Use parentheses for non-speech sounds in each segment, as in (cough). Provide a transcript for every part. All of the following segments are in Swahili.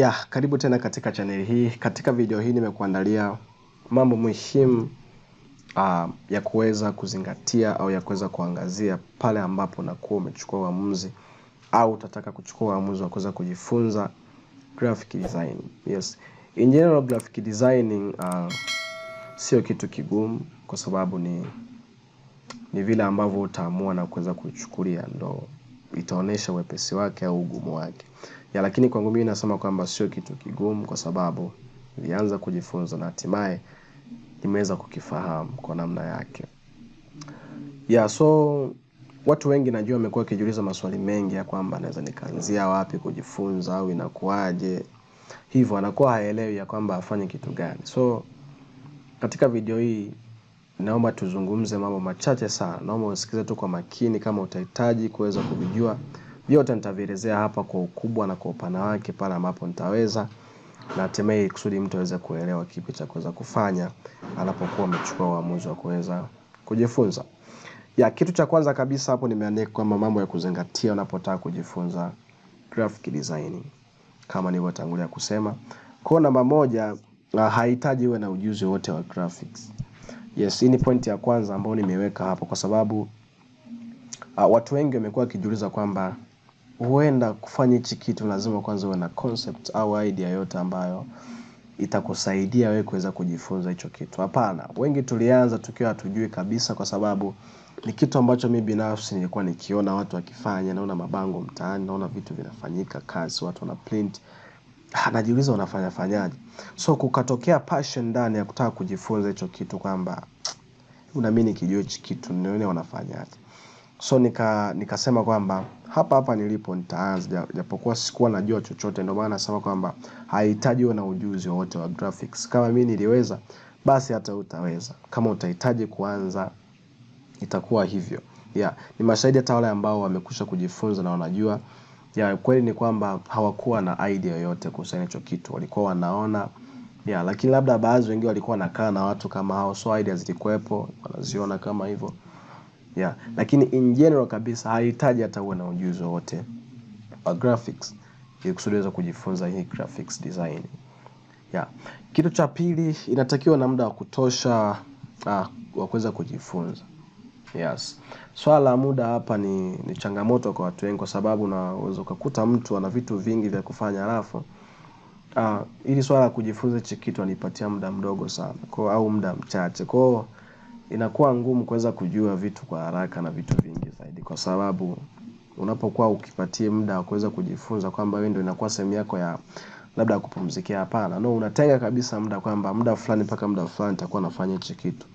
Ya, karibu tena katika chaneli hii. Katika video hii nimekuandalia mambo muhimu uh, ya kuweza kuzingatia au ya kuweza kuangazia pale ambapo unakuwa umechukua uamuzi au utataka kuchukua uamuzi wa kuweza kujifunza graphic design. Yes. In general graphic designing uh, sio kitu kigumu kwa sababu ni ni vile ambavyo utaamua na kuweza kuchukulia ndo itaonesha wepesi wake au ugumu wake ya lakini kwangu mimi nasema kwamba sio kitu kigumu kwa sababu nilianza kujifunza na hatimaye nimeweza kukifahamu kwa namna yake ya so watu wengi najua wamekuwa wakijiuliza maswali mengi ya kwamba naweza nikaanzia wapi kujifunza au inakuwaje hivyo anakuwa haelewi ya kwamba afanye kitu gani so katika video hii naomba tuzungumze mambo machache sana naomba usikize tu kwa makini kama utahitaji kuweza kuvijua yote nitavielezea hapa kwa ukubwa na kwa upana wake pale ambapo nitaweza na hatimaye kusudi mtu aweze kuelewa kipi cha kuweza kufanya anapokuwa amechukua uamuzi wa kuweza kujifunza. Ya kitu cha kwanza kabisa hapo nimeandika kwamba mambo ya kuzingatia unapotaka kujifunza graphic design kama nilivyotangulia kusema. Kwa namba moja ah, hahitaji uwe na ujuzi wote wa graphics. Yes, hii ni point ya kwanza ambayo nimeweka hapo kwa sababu uh, watu wengi wamekuwa wakijiuliza kwamba huenda kufanya hichi kitu lazima kwanza uwe na concept au idea yote ambayo itakusaidia wewe kuweza kujifunza hicho kitu. Hapana, wengi tulianza tukiwa hatujui kabisa kwa sababu ni kitu ambacho mimi binafsi nilikuwa nikiona watu wakifanya, naona mabango mtaani, naona vitu vinafanyika kazi, watu wana print, ah, najiuliza wanafanya fanyaje. So kukatokea passion ndani ya kutaka kujifunza hicho kitu kwamba unaamini mi hichi kitu nione wanafanyaje. So nika nikasema kwamba hapa hapa nilipo nitaanza, japokuwa sikuwa najua chochote. Ndio maana nasema kwamba haihitaji na ujuzi wowote wa graphics. Kama mimi niliweza, basi hata utaweza. Kama utahitaji kuanza, itakuwa hivyo. Yeah, ni mashahidi hata wale ambao wamekusha kujifunza na wanajua. ya Yeah, kweli ni kwamba hawakuwa na idea yoyote kuhusiana hicho kitu, walikuwa wanaona ya yeah, lakini labda baadhi wengi walikuwa wanakaa na watu kama hao, so idea zilikuwepo, wanaziona kama hivyo yeah. Lakini in general kabisa hahitaji hata uwe na ujuzi wowote wa graphics ili kusudi kujifunza hii graphics design. Yeah. Kitu cha pili inatakiwa na muda wa kutosha ah, wa kuweza kujifunza. Yes. Swala la muda hapa ni, ni changamoto kwa watu wengi kwa sababu unaweza ukakuta mtu ana vitu vingi vya kufanya alafu ah, ili swala la kujifunza hichi kitu anipatia muda mdogo sana. Kwa au muda mchache. Kwa inakuwa ngumu kuweza kujua vitu kwa haraka na vitu vingi zaidi kwa sababu unapokuwa ukipatie muda wa kuweza kujifunza kwamba wewe ndio inakuwa sehemu yako ya labda kupumzikia hapana. No, unatenga kabisa muda kwamba muda fulani mpaka muda fulani nitakuwa nafanya hichi kitu.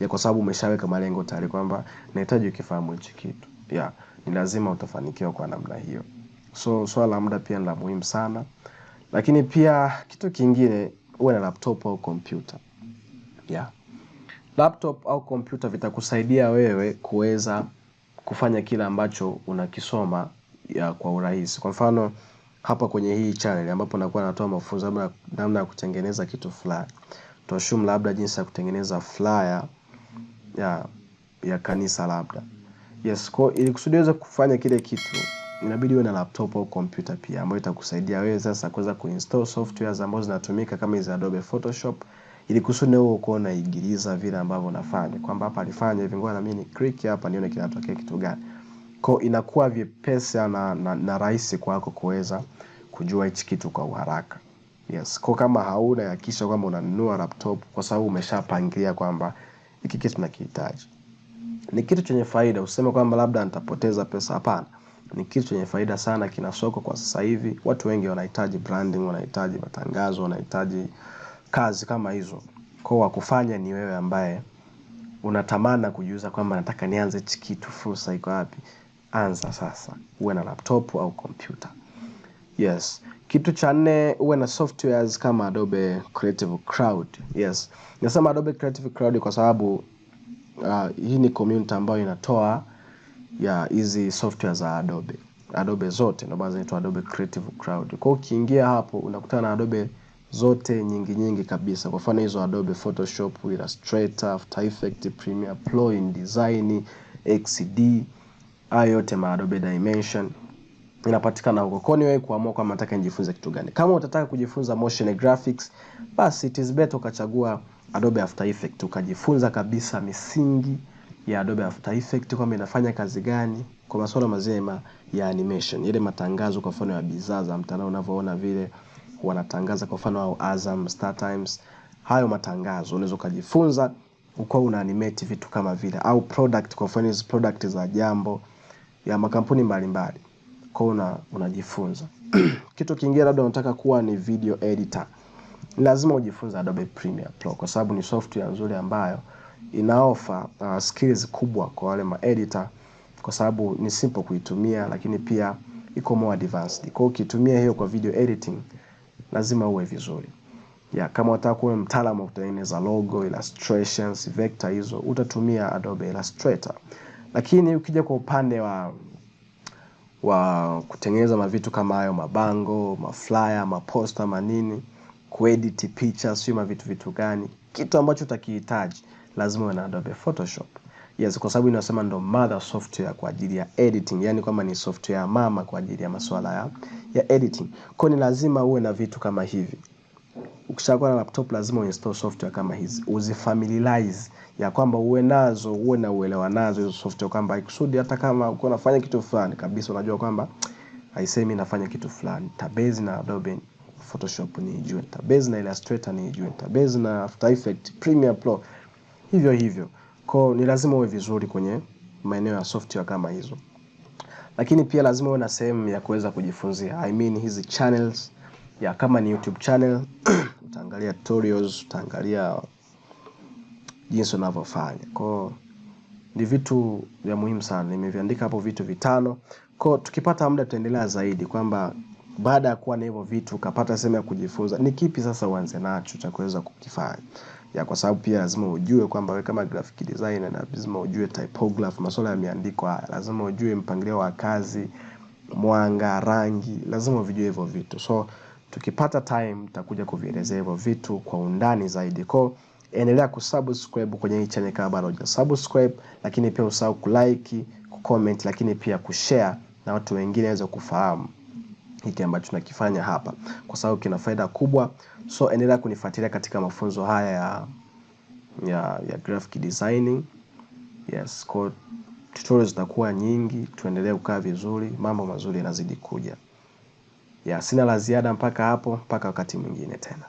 Ya kwa sababu umeshaweka malengo tayari kwamba nahitaji ukifahamu hichi kitu. Ya, ni lazima utafanikiwa kwa namna hiyo. So, swala la muda pia ni la muhimu sana. Lakini pia kitu kingine uwe na laptop au kompyuta. Ya. yeah laptop au kompyuta vitakusaidia wewe kuweza kufanya kile ambacho unakisoma ya kwa urahisi. Kwa mfano hapa kwenye hii channel ambapo nakuwa natoa mafunzo labda namna ya kutengeneza kitu fulani. Tuassume labda jinsi ya kutengeneza flyer ya ya kanisa labda. Yes, kwa ili kusudi uweze kufanya kile kitu inabidi uwe na laptop au kompyuta pia ambayo itakusaidia wewe sasa kuweza kuinstall software ambazo zinatumika kama hizi Adobe Photoshop ili kusudi nawe ukuwa unaigiliza vile ambavyo unafanya kwamba hapa alifanya hivi ngoja na mimi ni click hapa nione kinatokea kitu gani kwa inakuwa vipesi na, na, na rahisi kwako kuweza kujua hichi kitu kwa haraka yes kwa kama hauna hakikisha kwamba unanunua laptop kwa sababu umeshapangilia kwamba hiki kitu nakihitaji ni kitu chenye faida useme kwamba labda nitapoteza pesa hapana ni kitu chenye faida sana kina soko kwa sasa hivi watu wengi wanahitaji branding wanahitaji matangazo wanahitaji kazi kama hizo. Kwa wakufanya ni wewe ambaye unatamana kujiuliza kwamba nataka nianze hichi kitu fursa iko wapi? Anza sasa. Uwe na laptop au kompyuta. Yes. Kitu cha nne uwe na softwares kama Adobe Creative crowd Yes. Nasema Adobe Creative crowd kwa sababu uh, hii ni community ambayo inatoa ya hizi software za Adobe. Adobe zote ndio maana zinaitwa Adobe Creative crowd Kwa ukiingia hapo unakutana na Adobe zote nyingi nyingi kabisa. Kwa mfano hizo Adobe Photoshop, Illustrator, After Effects, Premiere Pro, InDesign, XD, hayo yote ma Adobe Dimension inapatikana huko. Kwa niwe kuamua kama nataka nijifunze kitu gani. Kama utataka kujifunza motion graphics, basi it is better ukachagua Adobe After Effects ukajifunza kabisa misingi ya Adobe After Effects kwamba inafanya kazi gani kwa masuala mazima ya animation, ile matangazo kwa mfano ya bidhaa za mtandao unavyoona vile wanatangaza kwa mfano au Azam, Star Times, hayo matangazo unaweza ukajifunza ukawa una animate vitu kama vile au product, kwa mfano hizo product za Jambo ya makampuni mbalimbali kwa una unajifunza. (clears throat) Kitu kingine labda unataka kuwa ni video editor, lazima ujifunze Adobe Premiere Pro kwa sababu ni software nzuri ambayo inaofa uh, skills kubwa kwa wale ma editor, kwa sababu ni simple kuitumia, lakini pia iko more advanced. Kwa hiyo ukitumia hiyo kwa video editing lazima uwe vizuri ya kama unataka kuwa mtaalamu wa kutengeneza logo, illustrations, vector hizo utatumia Adobe Illustrator. Lakini ukija kwa upande wa wa kutengeneza mavitu kama hayo mabango, maflyer, maposta, manini, kuedit picha, sio mavitu vitu gani, kitu ambacho utakihitaji lazima uwe na Adobe Photoshop. Yes, kwa sababu inasema ndo mother software kwa ajili ya editing, yani kwamba ni software mama kwa ajili ya masuala ya ya editing. Kwa ni lazima uwe na vitu kama hivi. Ukishakuwa na laptop lazima uinstall software kama hizi. uzifamilize ya kwamba uwe nazo, uwe na uelewa nazo hizo software kwamba ikusudi hata kama uko unafanya kitu fulani kabisa unajua kwamba haisemi nafanya kitu fulani. Tabezi na Adobe Photoshop ni ijue, tabezi na Illustrator ni ijue, tabezi na After Effects, Premiere Pro. Hivyo hivyo. Kwa ni lazima uwe vizuri kwenye maeneo ya software kama hizo. Lakini pia lazima uwe na sehemu ya kuweza kujifunzia. I mean hizi channels ya kama ni YouTube channel (clears throat) utaangalia tutorials, utaangalia jinsi unavyofanya. Kwa ni vitu vya muhimu sana. Nimeviandika hapo vitu vitano. Kwa tukipata muda tutaendelea zaidi kwamba baada ya kuwa na hivyo vitu ukapata sehemu ya kujifunza, ni kipi sasa uanze nacho cha kuweza kukifanya ya kwa sababu pia lazima ujue kwamba wewe kama graphic designer na lazima ujue typograph, masuala ya miandiko haya, lazima ujue mpangilio wa kazi, mwanga, rangi, lazima uvijue hivyo vitu. So tukipata time tutakuja kuvielezea hivyo vitu kwa undani zaidi. Kwa endelea kusubscribe kwenye hii channel kama bado hujasubscribe, lakini pia usahau kulike, kucomment, lakini pia kushare na watu wengine waweze kufahamu hiki ambacho tunakifanya hapa kwa sababu kina faida kubwa so endelea kunifuatilia katika mafunzo haya ya ya, ya graphic designing yes kwa tutorials zitakuwa nyingi tuendelee kukaa vizuri mambo mazuri yanazidi kuja ya sina la ziada mpaka hapo mpaka wakati mwingine tena